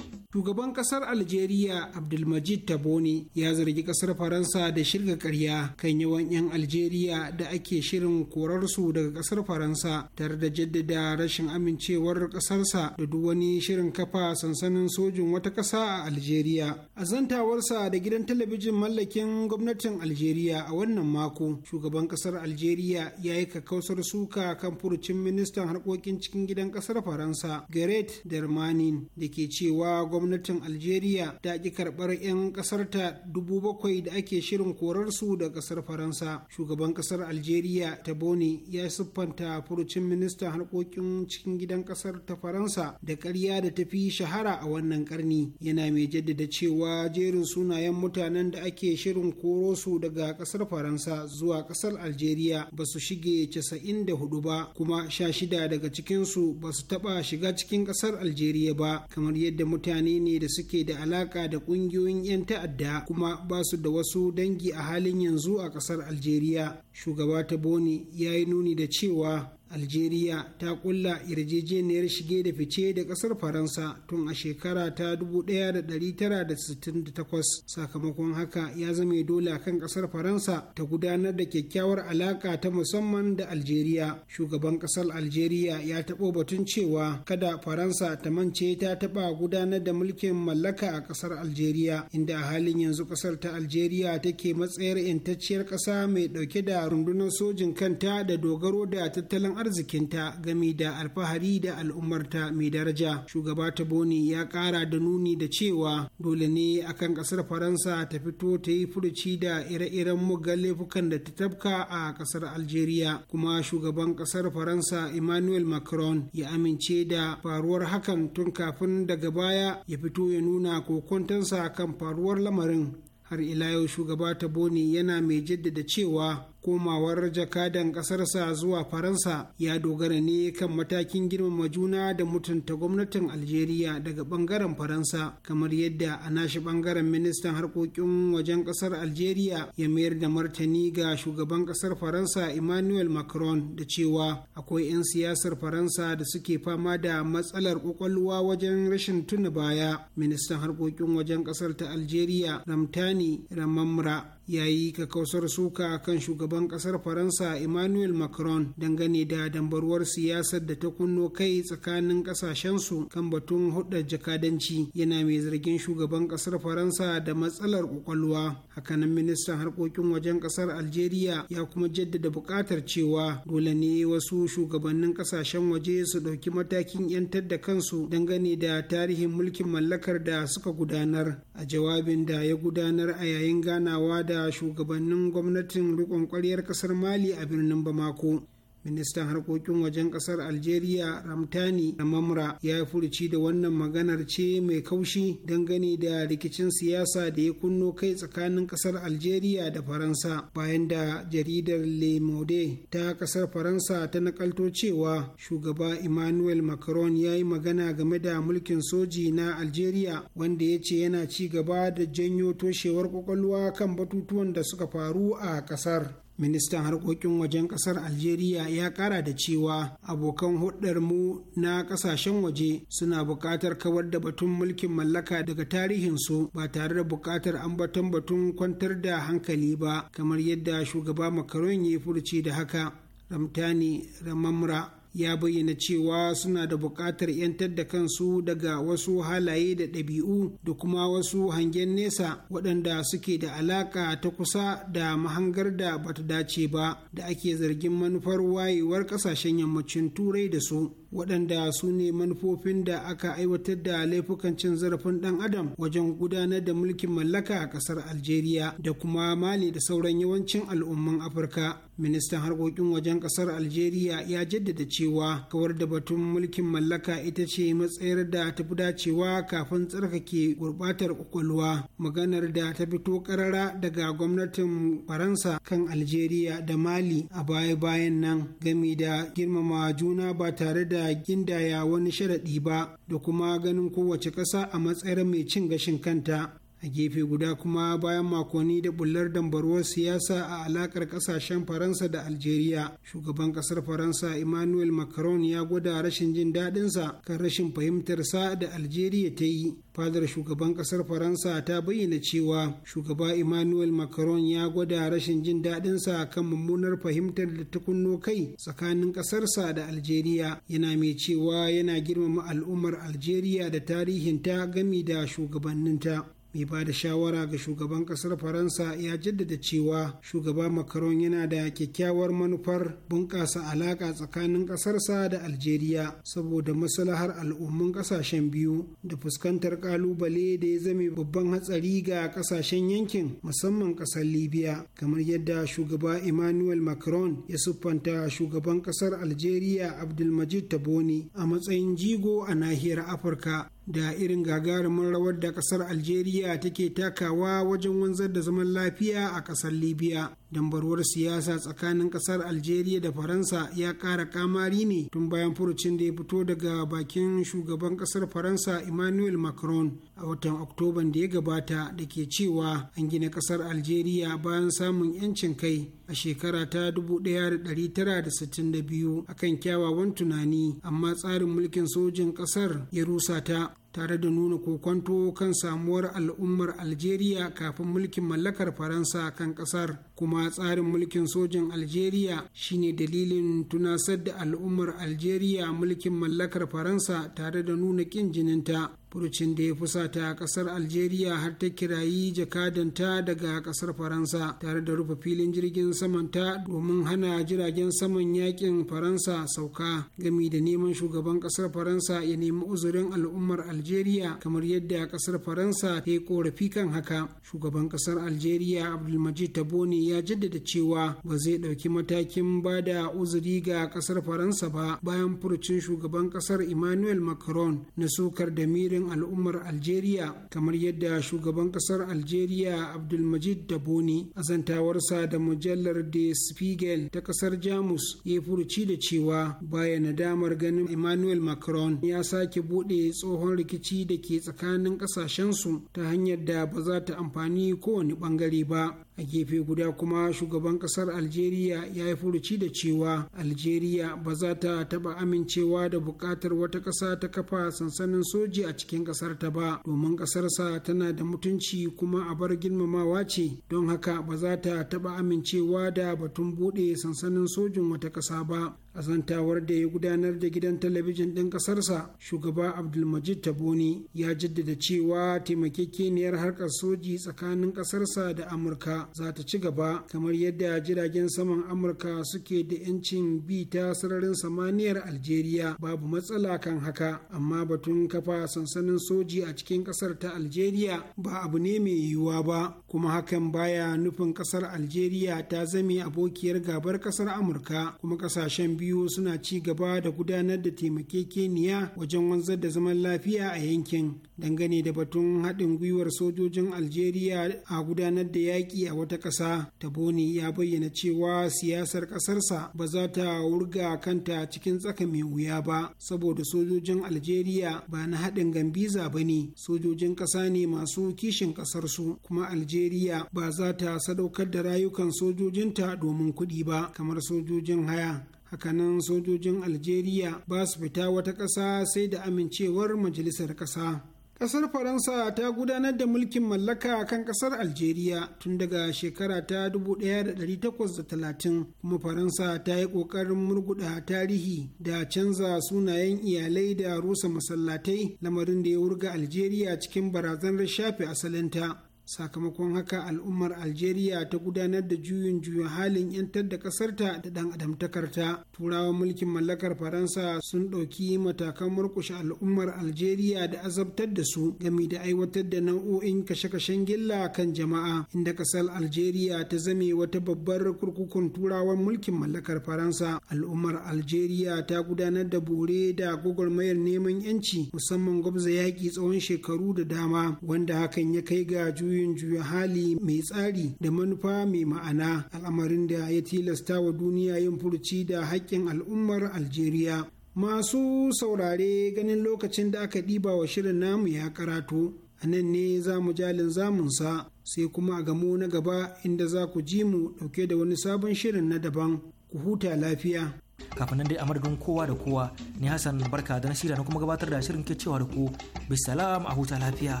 shugaban kasar algeria abdulmajid tabone ya zargi kasar faransa da shirga karya kan yawan 'yan algeria da ake shirin korarsu daga kasar faransa tare da jaddada rashin amincewar kasarsa da duk wani shirin kafa sansanin sojin wata kasa a algeria a zantawarsa da gidan talabijin mallakin gwamnatin algeria a wannan mako shugaban kasar algeria ya yi kakkausar suka kan furucin ministan harkokin cikin gidan kasar faransa gareth dermanin da ke cewa gwamnatin algeria ta ki karɓar 'yan ƙasarta dubu bakwai da ake shirin korarsu da ƙasar faransa shugaban ƙasar algeria boni ya siffanta furucin ministan harkokin cikin gidan ƙasar ta faransa da ƙarya da tafi shahara a wannan ƙarni yana mai jaddada cewa jerin sunayen mutanen da ake shirin koro su daga ƙasar faransa zuwa ƙasar algeria ba su shige 94 ba kuma sha shida daga cikinsu ba su taɓa shiga cikin ƙasar algeria ba kamar yadda mutane mutane ne da suke da alaka da kungiyoyin 'yan ta'adda kuma ba su da wasu dangi a halin yanzu a kasar algeria shugaba ta boni ya yi nuni da cewa algeria ta kulla yarjejeniyar shige da fice da kasar faransa tun a shekara ta 1968 sakamakon haka ya zame dole kan kasar faransa ta gudanar da kyakkyawar alaka ta musamman da algeria shugaban kasar algeria ya taɓo batun cewa kada faransa ta mance ta taɓa gudanar da mulkin mallaka a kasar algeria inda a halin yanzu kasar ta algeria take matsayar intacciyar ƙasa mai ɗauke da rundunar sojin kanta da dogaro da tattalin arzikinta gami da alfahari da al'ummarta mai daraja shugaba ta boni ya kara da nuni da cewa dole ne akan kasar faransa ta fito ta yi furuci da ire-iren muggan laifukan da ta tabka a kasar algeria kuma shugaban kasar faransa emmanuel macron ya amince da faruwar hakan tun kafin daga baya ya fito ya nuna kokontansa kan faruwar lamarin har ila yau shugaba ta boni yana mai jaddada cewa komawar jakadan ƙasarsa zuwa faransa ya dogara ne kan matakin girmama juna da mutunta gwamnatin algeria daga ɓangaren faransa kamar yadda a nashi ɓangaren ministan harkokin wajen ƙasar algeria ya mayar da martani ga shugaban ƙasar faransa emmanuel macron da cewa akwai 'yan siyasar faransa da suke fama da matsalar ƙwaƙwalwa wajen rashin tuna baya ministan harkokin wajen ƙasar ta algeria ramtani ramamra yayi kakausar suka kan shugaban kasar faransa emmanuel macron dangane da dambarwar siyasar da ta kunno kai tsakanin kasashensu kan batun hudar jakadanci yana mai zargin shugaban kasar faransa da matsalar kwakwalwa hakanan ministan harkokin wajen kasar algeria ya kuma jaddada buƙatar cewa dole ne wasu shugabannin kasashen waje su ɗauki matakin 'yantar da kansu dangane da tarihin mulkin mallakar da suka gudanar a jawabin da ya gudanar a yayin ganawa da da shugabannin gwamnatin rikon ƙwaryar kasar mali a birnin bamako ministan harkokin wajen kasar algeria ramtani na mamra ya yi furuci da wannan maganar ce mai kaushi dangane da rikicin siyasa da ya kunno kai tsakanin kasar algeria da faransa bayan da jaridar le monde ta kasar faransa ta nakalto cewa shugaba emmanuel macron ya yi magana game da mulkin soji na algeria wanda ya ce yana ci gaba da janyo toshewar kwakwalwa kan batutuwan da suka faru a kasar ministan harkokin wajen kasar algeria ya kara da cewa abokan mu na kasashen waje suna buƙatar kawar da batun mulkin mallaka daga tarihinsu ba tare da buƙatar ambaton batun kwantar da hankali ba kamar yadda shugaba makaron ya furci da haka ramtani ramamra ya bayyana cewa suna da buƙatar 'yantar da kansu daga wasu halaye da ɗabi'u da kuma wasu hangen nesa waɗanda suke da alaƙa ta kusa da mahangar da bata dace ba da ake zargin manufar wayewar ƙasashen yammacin turai da su waɗanda su ne manufofin da aka aiwatar da laifukan cin zarafin ɗan adam wajen gudanar da mulkin mallaka a ƙasar algeria da kuma mali da sauran yawancin al'umman afirka ministan harkokin wajen ƙasar algeria ya jaddada cewa kawar da batun mulkin mallaka ita ce matsayar da ta fi dacewa kafin tsarkake gurbatar kwakwalwa maganar da ta fito karara daga gwamnatin faransa kan algeria da mali a baya-bayan nan gami da girmama juna ba tare da da gindaya wani sharaɗi ba da kuma ganin kowace ƙasa a matsayar mai cin gashin kanta a gefe guda kuma bayan makonni da bullar dambarwar siyasa a alakar kasashen faransa da algeria shugaban kasar faransa emmanuel macron ya gwada rashin jin daɗinsa kan rashin fahimtarsa da algeria ta yi fadar shugaban kasar faransa ta bayyana cewa shugaba emmanuel macron ya gwada rashin jin daɗinsa kan mummunar fahimtar da ta kunno kai tsakanin ƙasarsa da algeria yana mai cewa yana girmama al'ummar algeria da tarihinta gami da shugabanninta mai ba da shawara ga shugaban kasar faransa ya jaddada cewa shugaba macron yana da kyakkyawar manufar bunƙasa alaƙa tsakanin ƙasarsa da algeria saboda maslahar al'umman ƙasashen biyu da fuskantar ƙalubale da ya zame babban hatsari ga ƙasashen yankin musamman ƙasar libya kamar yadda shugaba emmanuel macron ya siffanta shugaban ƙasar algeria abdulmajid taboni a matsayin jigo a nahiyar afirka da irin gagarumin rawar da kasar algeria take takawa wajen wanzar da zaman lafiya a kasar libya dambarwar siyasa tsakanin kasar algeria da faransa ya kara kamari ne tun bayan furucin da ya fito daga bakin shugaban kasar faransa emmanuel macron a watan oktoban da ya gabata da ke cewa an gina kasar algeria bayan samun 'yancin kai a shekara ta 1962 akan kyawawan tunani amma tsarin mulkin sojin kasar ya rusa ta tare da nuna kokonto kan samuwar al'ummar algeria kafin mulkin mallakar faransa kan kasar kuma tsarin mulkin sojin algeria shine dalilin tunasar da al'ummar algeria mulkin mallakar faransa tare da nuna kin jininta furucin da ya fusata kasar algeria har ta kirayi jakadanta daga kasar faransa tare da rufe filin jirgin samanta domin hana jiragen saman yakin faransa sauka gami da neman shugaban kasar faransa ya nemi uzurin al'ummar algeria kamar yadda kasar faransa ta yi korafi kan haka shugaban kasar algeria abdulmajid tabone ya ya jaddada cewa ba zai ɗauki matakin ba da uzuri ga ƙasar faransa ba bayan furucin shugaban ƙasar emmanuel macron na sukar da mirin al'ummar algeria kamar yadda shugaban ƙasar algeria abdulmajid da a azantawarsa da mujallar de spiegel ta ƙasar jamus ya furuci da cewa baya nadamar ganin emmanuel macron ya sake buɗe tsohon rikici da ke tsakanin ƙasashensu ta hanyar da ba za ta amfani kowane ɓangare ba a gefe guda kuma shugaban kasar algeria ya yi furuci da cewa algeria ba za ta taba amincewa da bukatar wata ƙasa ta kafa sansanin soji a cikin ƙasar ta ba domin ƙasarsa tana da mutunci kuma a bar girmamawa ce don haka ba za ta taba amincewa da batun bude sansanin sojin wata ƙasa ba a zantawar da ya gudanar da gidan talabijin ɗin ƙasarsa shugaba abdulmajid taboni ya jaddada cewa taimakekeniyar harkar soji tsakanin ƙasarsa da amurka za ta ci gaba kamar yadda jiragen saman amurka suke da 'yancin bi ta sararin samaniyar algeria babu matsala kan haka amma batun kafa sansanin soji a cikin ƙasar ta algeria ba abu ne mai yiwuwa ba kuma hakan baya nufin ƙasar algeria ta zame abokiyar gabar ƙasar amurka kuma ƙasashen biyu suna ci gaba da gudanar da taimakekeniya wajen wanzar da zaman lafiya a yankin dangane da batun haɗin gwiwar sojojin algeria a gudanar da yaƙi a wata ƙasa ta taboni ya bayyana cewa siyasar ƙasarsa ba za ta wurga kanta cikin tsaka mai wuya ba saboda sojojin algeria ba na haɗin gambiza ba ne sojojin ƙasa ne masu kishin ƙasarsu kuma algeria ba za ta sadaukar da rayukan sojojinta domin kuɗi ba kamar sojojin haya hakanan sojojin algeria ba su fita wata ƙasa sai da amincewar majalisar ƙasa Ƙasar Faransa ta gudanar da mulkin mallaka kan ƙasar Algeria tun daga shekara ta 1830 kuma Faransa ta yi ƙoƙarin murguɗa tarihi da canza sunayen iyalai da rusa masallatai lamarin da ya wurga Algeria cikin barazanar shafe asalinta. sakamakon haka al'ummar algeria ta gudanar da juyin juyin halin yantar da ƙasarta da ɗan adamtakarta turawan mulkin mallakar faransa sun ɗauki matakan murkushe al'ummar algeria da azabtar da su gami da aiwatar da nau'o'in kashe-kashen gilla kan jama'a inda kasar algeria ta zame wata babbar kurkukun turawan mulkin mallakar faransa al'ummar algeria ta gudanar da bore da gwagwarmayar neman yanci musamman gwabza yaƙi tsawon shekaru da dama wanda hakan ya kai ga juyin juyin juya hali mai tsari da manufa mai ma'ana al'amarin da ya tilasta wa duniya yin furuci da haƙƙin al'ummar algeria masu saurare ganin lokacin da aka ɗiba wa shirin namu ya karatu a nan ne za mu jalin zamunsa sai kuma a gamo na gaba inda za ku ji mu ɗauke da wani sabon shirin na daban ku huta lafiya kafin nan dai a madadin kowa da kowa ni hassan barka da na shirya na kuma gabatar da shirin ke cewa da ku bisalam a huta lafiya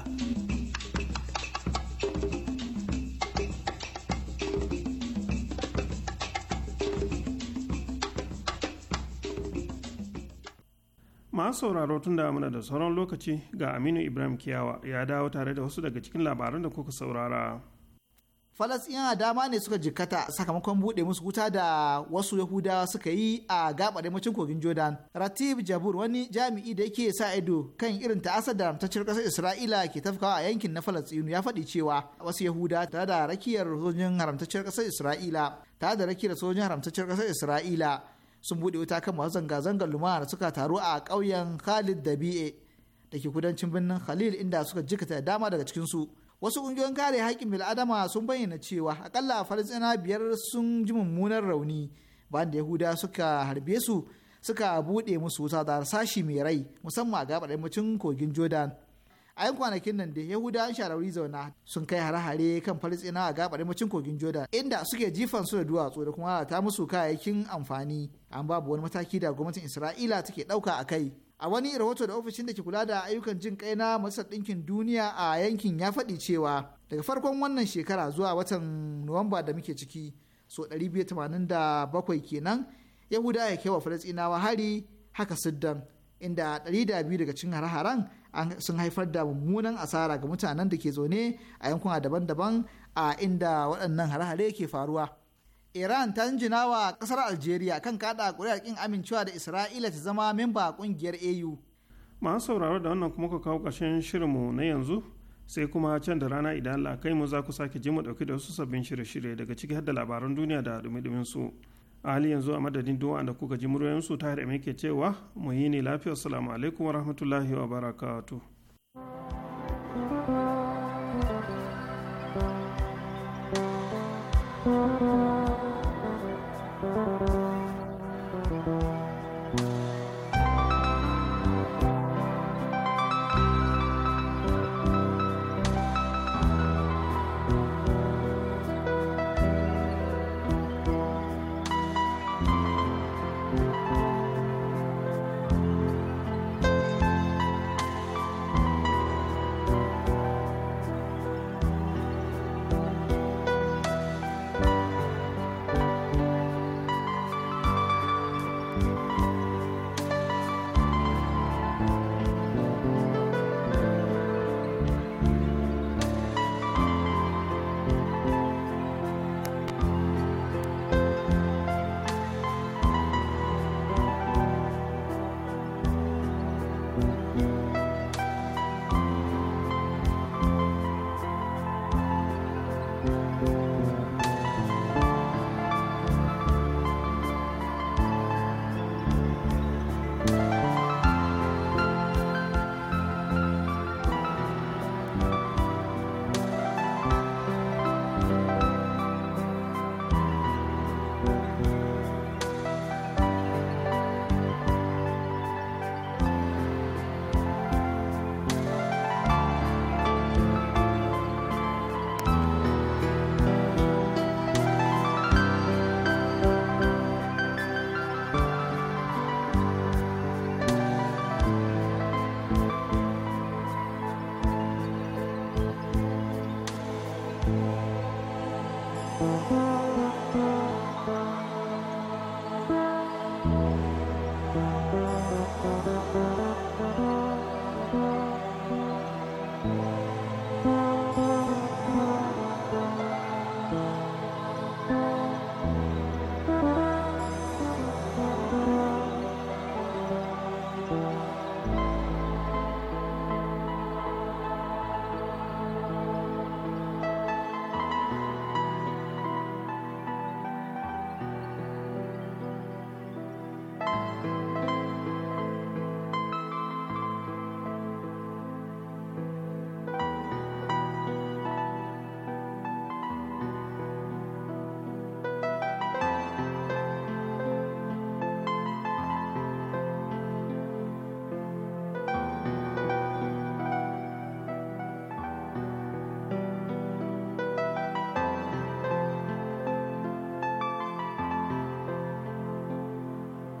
masu sauraro tun da muna da sauran lokaci ga aminu ibrahim kiyawa ya dawo tare da wasu daga cikin labaran da kuka saurara falasɗinawa dama ne suka jikkata sakamakon buɗe musu wuta da wasu yahudawa suka yi a macin kogin jordan ratib jabur wani jami'i da yake sa ido kan irin ta'asar da ramtacciyar ƙasar isra'ila ke tafkawa a yankin na falasɗinu ya faɗi cewa wasu yahuda tare da rakiyar sojin haramtacciyar ƙasar isra'ila tare da rakiyar sojin haramtacciyar ƙasar isra'ila sun bude wuta kan masu zanga-zangar lumana da suka taru a ƙauyen khalid da BA da ke kudancin birnin khalil inda suka jikata da dama daga cikinsu wasu ƙungiyoyin kare haƙƙin bil'adama sun bayyana cewa akalla falastina biyar sun ji mummunar rauni bayan da yahuda suka harbe su suka buɗe musu wuta da sashi mai rai musamman a gaɓar yammacin kogin jordan a yan kwanakin nan da yahudawan sharari zauna sun kai hare-hare kan falisina a gabar macin kogin jordan inda suke jifan su da duwatsu da kuma ta musu kayayyakin amfani an babu wani mataki da gwamnatin isra'ila take ɗauka a kai a wani rahoto da ofishin da ke kula da ayyukan jin kai na majalisar ɗinkin duniya a yankin ya faɗi cewa daga farkon wannan shekara zuwa watan nuwamba da muke ciki so bakwai kenan Yahuda ya wa falastinawa hari haka siddan inda biyu daga cin hare-haren sun haifar da mummunan asara ga mutanen da ke zaune a yankuna daban-daban a inda waɗannan hare-hare ke faruwa. Iran ta jina wa ƙasar Algeria kan kaɗa ƙuri'ar ƙin amincewa da Isra'ila ta zama memba ƙungiyar AU. Masu sauraro da wannan kuma ka kawo ƙarshen shirinmu na yanzu sai kuma can da rana idan Allah kai mu za ku sake ji mu ɗauki da wasu sabbin shirye-shirye daga ciki har da labaran duniya da dumi-dumin su. a hali yanzu a madadin duwa da kuka ji muryoyinsu ta haɗa ke cewa mu yi ne lafiya salamu alaikum wa rahmatullahi wa barakatu.